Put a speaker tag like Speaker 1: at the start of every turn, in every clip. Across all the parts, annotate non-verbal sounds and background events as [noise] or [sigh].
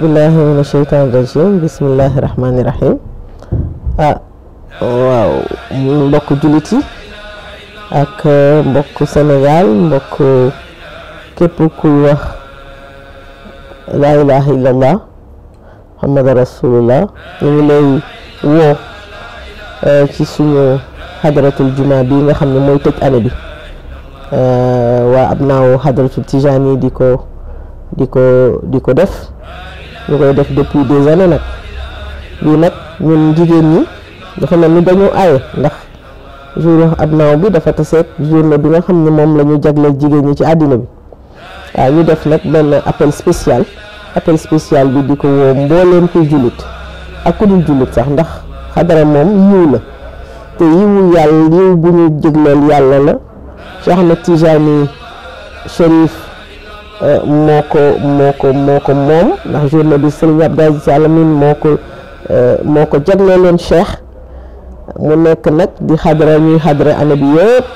Speaker 1: billahi mina sheytaani bismillahi rahmaani rahim ah, mbokk jullit yi ak eh, mbokk Sénégal mbokk képp kuy wax laa ilaha illallah muhammadu rasulullah woo eh, ci suñu xadaratul juma bi nga xam ne mooy tëj bi eh, waa ab naaw xadaratul tijaan yi ko ko di ko def ñu koy def depuis des années nag lii nag ñun jigéen ñi dafa mel nu dañu aaye ndax jour ab naaw bi dafa taseet journée bi nga xam ne moom la ñu jagleel jigéen ñi ci àddina bi waaw ñu def nag benn appel spécial appel spécial bi di ko woo mbooleem kuy jullit ak ku dul jullit sax ndax xadara moom yiw la te yàlla yiw bu ñu jégleel yàlla la Cheikh Ahmed Tijani Cherif moo ko moo ko moom ndax journée bi Serigne Abdou Aziz Sy Al Amine moo ko moo ko jagleel leen Cheikh mu nekk nag di xadra ñuy xadra année bi yëpp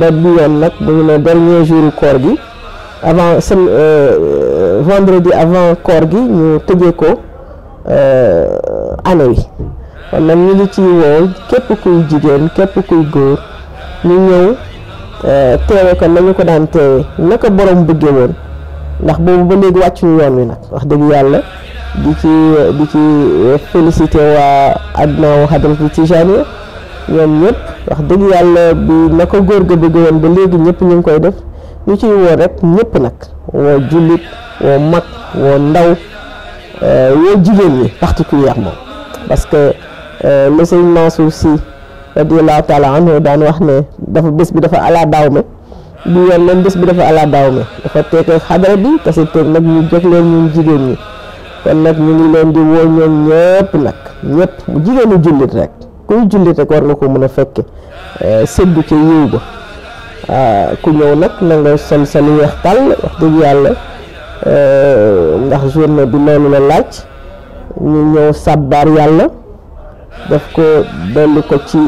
Speaker 1: ba bi yoon nag bu ñu ne dernier jour koor gi avant seen euh, euh, vendredi avant koor gi ñu tëjee ko euh, année yi kon nag ñu ngi ci woo képp kuy jigéen képp kuy góor ñu ñëw Euh, teewe ko nañu ko daan teewe naka borom bëggee woon ndax boobu ba léegi wàccuñu yoon wi nag wax dëgg yàlla di ci di ci félicité waa àdduna wu xadratu tijaaniya ñoom ñëpp wax dëgg yàlla bi naka góor ga bëggee woon ba léegi ñëpp ñu ngi koy def ñu ciy woo rek ñëpp nag woo jullit woo mag woo ndaw euh, woo jigéen ñi particulièrement parce que euh, le sëñ Mansour si radiallahu taala anhu daan wax ne dafa bés bi dafa ala daaw me bu yoon leen bés bi dafa ala daaw me dafa teeg xadara bi kasi teeg nag ñu jóg ñun jigéen ñi kon nag ñu ngi leen di woo ñoom ñëpp nag ñëpp jigéenu jullit rek kuy jullit rek war nga ko mën a fekke eh, séddu ca yiw ba ah, ku ñëw nag na nga sol sa lu weex tàll wax dëgg yàlla eh, ndax journée bi noonu la laaj ñu ñëw sàbbaar yàlla daf ko dellu ko ci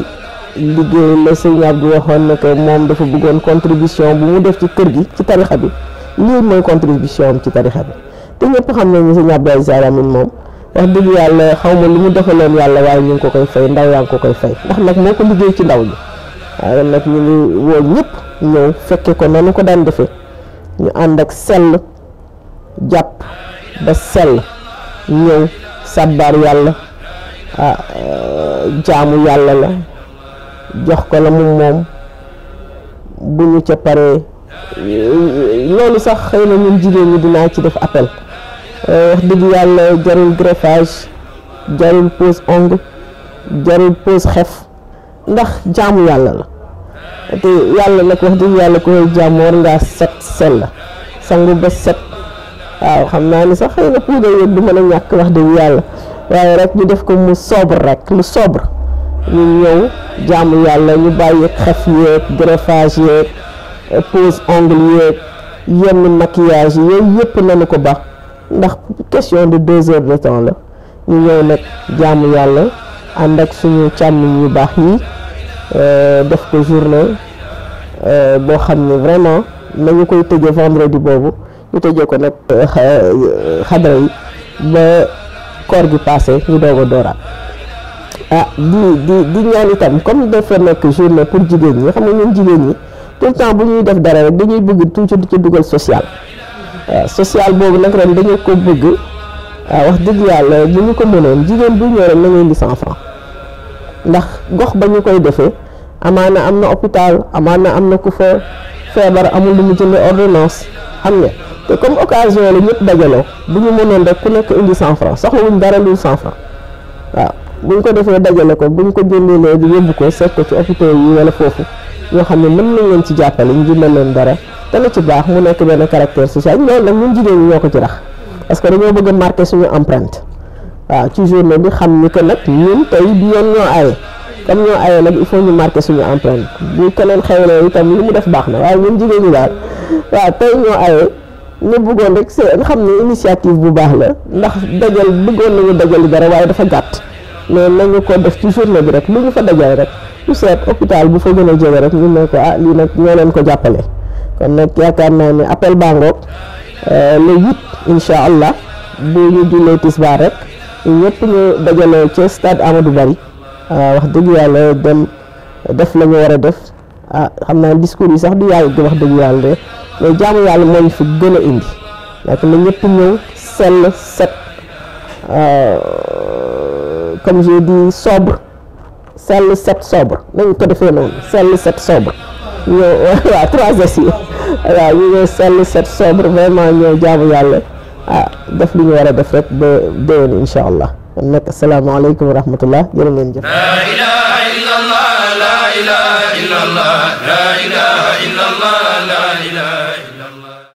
Speaker 1: liggéey la sëñ Abdou waxoon ne que moom dafa bëggoon contribution bu mu def ci kër gi ci tarixa bi lii mooy contribution ci tarixa bi te ñëpp xam nañu sëñ Abdou Aziz Al yàlla xaw ma lu mu defaloon yàlla waaye ñu ngi ko koy fay koy fay ndax nag moo ko liggéey ci ndaw ñi nag ñu ngi woo ñëpp ñëw fekke ko nanu ko ñu ànd ak sell jàpp ba sell ñëw sàbbaar yàlla ah jaamu yàlla la jox ko la mum moom bu ñu ca paree loolu sax xëy na ñun jigéen ñi dinaa ci def appel eh, wax dëgg yàlla jarul greffage jarul pose ongle jarul pose xef ndax jaamu yàlla la te yàlla nag wax dëgg yàlla ku koy jaamu war ngaa set sell sangu ba set waaw xam naa ni sax xëy na puudar yëpp du mën a ñàkk wax dëgg yàlla waaye rek ñu def ko mu sobre rek lu sobre ñu ñëw jaamu yàlla ñu bàyyi xef yeeg greffage yeeg pose ongle yeeg yenn maquillage yooyu yëpp nañu ko baax ndax question de deux heures de temps la ñu ñëw nag jaamu yàlla ànd ak suñu càmm yu baax yi euh, def ko journée euh, boo xam ne vraiment nañu koy tëjee vendredi boobu ñu tëjee ko nag euh, xadra yi koor gi passé ñu doog a dooraat ah di di di ñaan itam comme dafa nekk journée pour jigéen ñi xam ne ñun jigéen ñi tout temps bu ñuy def dara rek dañuy bëgg toujours ci dugal social waaw ah, social boobu nag ren dañu ko bëgg waaw ah, wax dëgg yàlla bu ñu ko mënoon jigéen bu ñëw rek nañu indi cent franc ndax gox ba ñu koy defee amaana am na hôpital amaana am na ku fa feebar amul lu mu jënd ordonnance am nga te comme occasion la ñëpp dajaloo bu ñu mënoon rek ku nekk indi cent franc soxla dara lu cent franc waaw bu ñu ko defee dajale ko bu ñu ko jëndee léegi yóbbu ko seet ko ci hôpitaux yi wala foofu ñoo xam ne mën nañ leen ci jàppale ñu jëndal leen dara te na ci baax mu nekk benn caractère social loolu nag ñun jigéen ñi ñoo ko ci rax parce que dañoo bëgg a marqué suñu empreinte waaw ci journée bi xam ni que nag ñun tey bi yoon ñoo aye comme ñoo aye nag il faut ñu marqué suñu empreinte bu keneen xewlee itam li mu def baax na waaye ñun jigéen ñi daal waaw ñu bëggoon rek c'est xam ne initiative bu baax la ndax dajal bëggoon nañu dajali dara waaye dafa gàtt mais nañu ko def ci na bi rek lu ñu fa dajal rek ñu seet bu fa gën a jege rek ñu ne ko ah lii nag ñoo leen ko jàppale kon nag yaakaar naa ne appel baa ngoog euh, le huit incha allah bu ñu jullee tisbaar rek ñëpp ñu dajaloo ca stade Amadou Barry wax dëgg yàlla dem def la ñu war a def ah xam naa discours yi sax du yaay wax dëgg yàlla de. mais jaamu yàlla moo ñu fi gën a indi donc na ñëpp ñëw sell set euh, comme je dis sobre sell set sobre nañ ko defee noonu sell set sobre ñëw [laughs] trois heures yi [laughs] waaw ñu ñëw sell set sobre vraiment ñëw jaamu yàlla ah, def lu ñu war a def rek ba déwén incha allah kon nag asalaamaaleykum wa rahmatullah jërë ngeen jëf